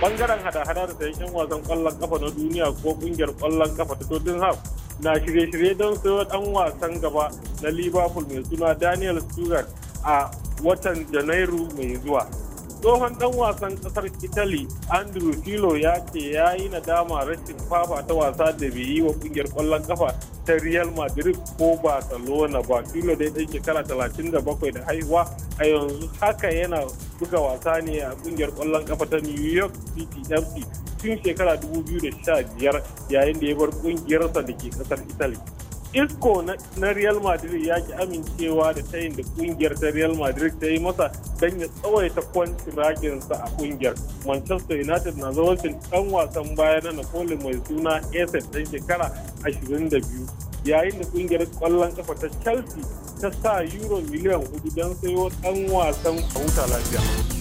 bangaren hada hada da yan wasan kwallon kafa na duniya ko kungiyar kwallon kafa ta Tottenham na shirye-shirye don sayo dan wasan gaba na Liverpool mai suna Daniel Stewart a watan Janairu mai zuwa. tsohon dan wasan kasar italy andrew filo ya ce ya yi nadama rashin fafa ta wasa da bai yi wa kungiyar kwallon kafa ta real madrid ko barcelona ba filo dai dan shekara 37 da haihuwa a yanzu haka yana buga wasa ne a kungiyar kwallon kafa ta new york city fc tun shekara 2015 yayin da ya bar kungiyarsa da ke kasar italy isko na Real Madrid ya ki amincewa da tayin da kungiyar ta Real Madrid ta yi masa don ya tsawaita kwantiraginsa a kungiyar. Manchester United na zama zawancin ɗan wasan baya na Napoli mai suna Eset ɗan shekara 22. Yayin da kungiyar kwallon kafa ta Chelsea ta sa euro miliyan hudu don sayo ɗan wasan a huta lafiya.